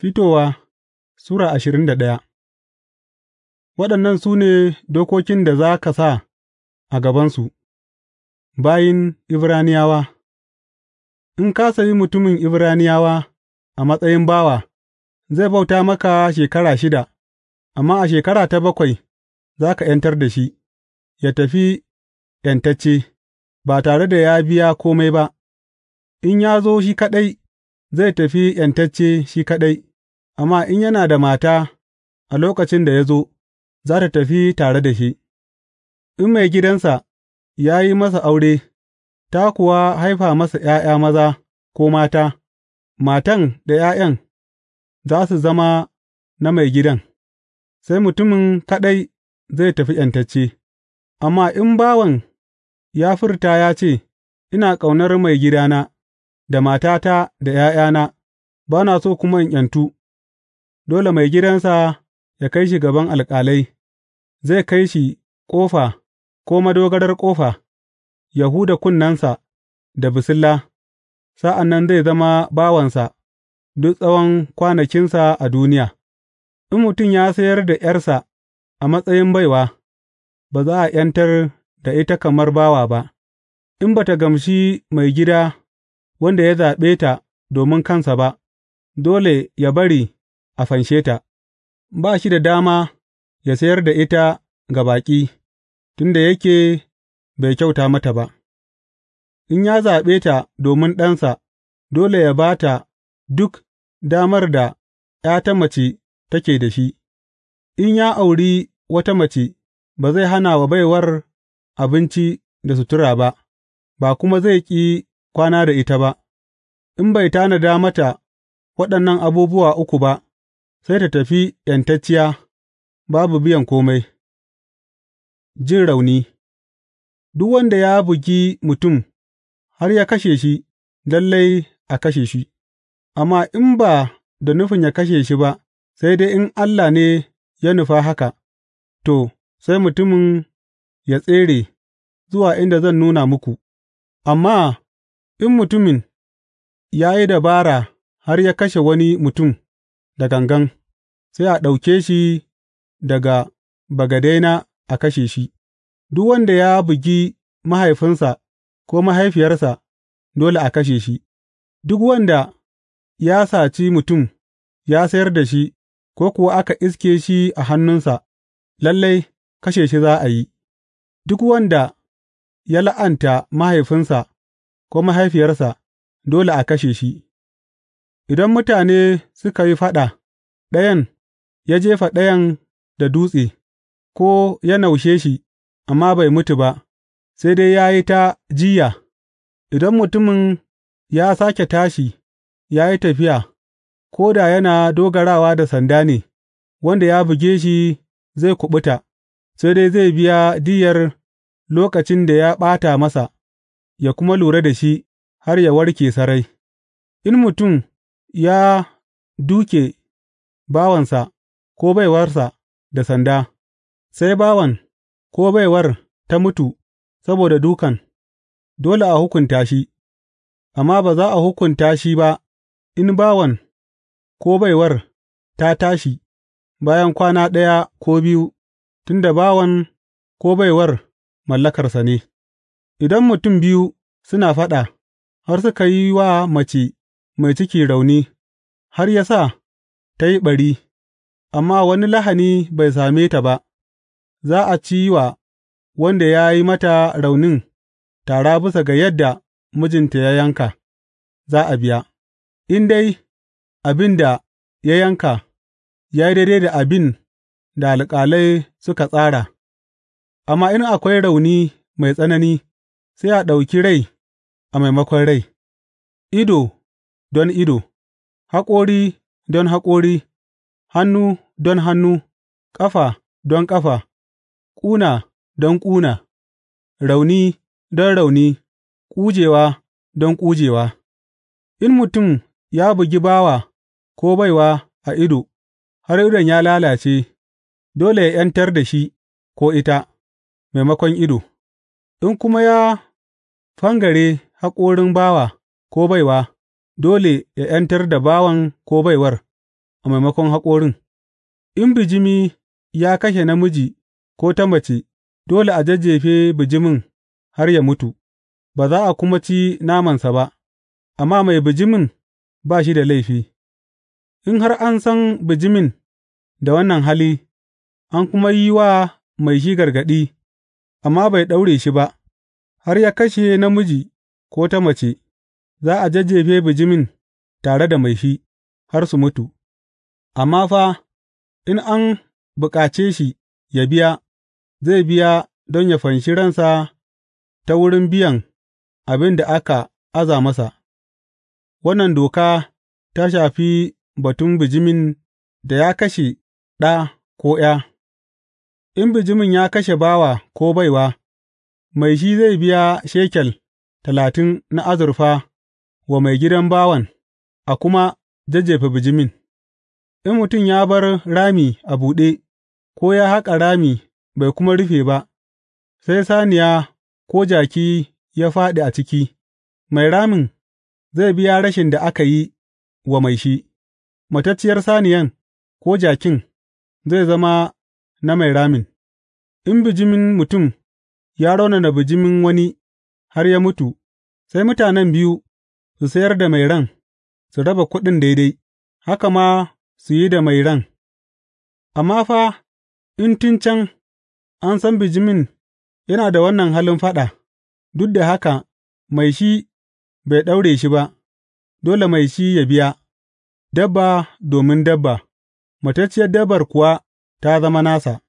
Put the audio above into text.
Fitowa Sura ashirin da ɗaya. Waɗannan su ne dokokin da za ka sa a gabansu, bayin Ibraniyawa, in ka sayi mutumin Ibraniyawa a matsayin bawa, zai bauta maka shekara shida, amma a shekara ta bakwai za ka ’yantar da shi, ya tafi ’yantacce, ba tare da ya biya kome ba, in ya zo shi kaɗai. zai tafi ’yantacce shi kaɗai, amma in yana da mata a lokacin da ya zo, za ta tafi tare da shi, in mai gidansa ya yi masa aure, ta kuwa haifa masa ’ya'ya maza ko mata, matan da ’ya'yan za su zama na mai gidan. sai mutumin kaɗai zai tafi ’yantacce, amma in bawan ya furta ya ce, Ina ƙaunar mai maigidana. da matata da ’ya'yana, ba na so kuma in ’yantu, dole maigidansa ya kai shi gaban alƙalai, zai kai shi ƙofa ko madogarar ƙofa, ya huda kunnensa da basilla, sa'an nan zai zama bawansa duk tsawon kwanakinsa a duniya, in mutum ya sayar da ’yarsa a matsayin baiwa, ba za a ’yantar da ita kamar bawa ba, in ba ta gamshi mai maigida. wanda ya zaɓe ta domin kansa ba, dole ya bari a fanshe ta, ba shi da dama ya sayar da ita ga baƙi, tun da yake bai kyauta mata ba. In ya zaɓe ta domin ɗansa, dole ya ba ta duk damar da ’ya ta mace take da shi, in ya auri wata mace, ba zai hana wa baiwar abinci da sutura ba, ba kuma zai ƙi kwana da ita ba, in bai tanada mata waɗannan abubuwa uku ba, sai ta tafi ’yantacciya babu biyan kome. Jin rauni Duk wanda ya bugi mutum har ya kashe shi, lallai a kashe shi, amma in ba da nufin ya kashe shi ba, sai dai in Allah ne ya nufa haka, to, sai mutumin ya tsere zuwa inda zan nuna muku, amma In mutumin ya yi dabara har ya kashe wani mutum da gangan, sai a ɗauke shi daga bagadena a kashe shi; duk wanda ya bugi mahaifinsa ko mahaifiyarsa, dole a kashe shi; duk wanda ya saci mutum ya sayar da shi, ko kuwa aka iske shi a hannunsa, lallai kashe shi za a yi; duk wanda ya la'anta mahaifinsa. ko mahaifiyarsa, dole a kashe shi, idan mutane suka yi faɗa, ɗayan ya jefa ɗayan da dutse, ko ya naushe shi, amma bai mutu ba, sai dai ya yi ta jiyya, idan mutumin ya sake tashi ya yi tafiya, ko da yana dogarawa da sanda ne, wanda ya buge shi zai kuɓuta, sai dai zai biya diyyar lokacin da ya ɓata masa. yă kuma lura da shi har yă warke sarai, in mutum ya duke bawansa ko baiwarsa da sanda, sai bawan ko baiwar ta mutu saboda dukan, dole a hukunta shi, amma ba za a hukunta shi ba in bawan ko baiwar ta tashi bayan kwana ɗaya ko biyu, tunda bawan ko baiwar mallakarsa ne. Idan mutum biyu suna faɗa, har suka yi wa mace mai ciki rauni, har ya sa ta yi ɓari, amma wani lahani bai same ta ba, za a ci wa wanda ya yi mata raunin tara bisa ga yadda mijinta ya yanka, za a biya, in dai abin da ya yanka ya yi daidai da abin da alƙalai suka tsara, amma in akwai rauni mai tsanani. sai a ɗauki rai a maimakon rai, ido don ido, haƙori don haƙori, hannu don hannu, ƙafa don ƙafa, ƙuna don ƙuna, rauni don rauni, ƙujewa don ƙujewa. In mutum ya bugi bawa ko baiwa a ido, har idon ya lalace, dole ya ’yantar da shi ko ita, maimakon ido. In kuma ya fangare haƙorin bawa ko baiwa, dole ya ’yantar da bawan ko baiwar a maimakon haƙorin; in bijimi ya kashe namiji ko ta mace, dole a jajjefe bijimin har ya mutu, ba za a kuma ci namansa ba, amma mai bijimin ba shi da laifi, in har an san bijimin da wannan hali, an kuma yi wa mai shi gargaɗi. amma bai daure shi ba, har ya kashe namiji ko ta mace, za a jajjefe bijimin tare da mai shi, har su mutu, amma fa, in an bukace shi ya biya, zai biya don ya fanshi ransa ta wurin biyan abin da aka aza masa, wannan doka ta shafi batun bijimin da ya kashe ɗa ko ’ya. In bijimin ya kashe bawa ko baiwa, mai shi zai biya shekel talatin na azurfa wa mai gidan bawan, a kuma jajjefe bijimin, in mutum ya bar rami a buɗe, ko ya haƙa rami bai kuma rufe ba, sai saniya ko jaki ya fāɗi a ciki, mai ramin zai biya rashin da aka yi wa mai shi, matacciyar saniyan ko jakin zai zama na mai ramin In bijimin mutum ya raunana bijimin wani har ya mutu, sai mutanen biyu su sayar da mai ran, su raba kuɗin daidai, haka ma su yi da mai ran, amma fa in tun can an san bijimin yana da wannan halin faɗa, duk da haka mai shi bai ɗaure shi ba, dole mai shi ya biya, dabba domin dabba, matacciyar dabbar kuwa ta zama nasa.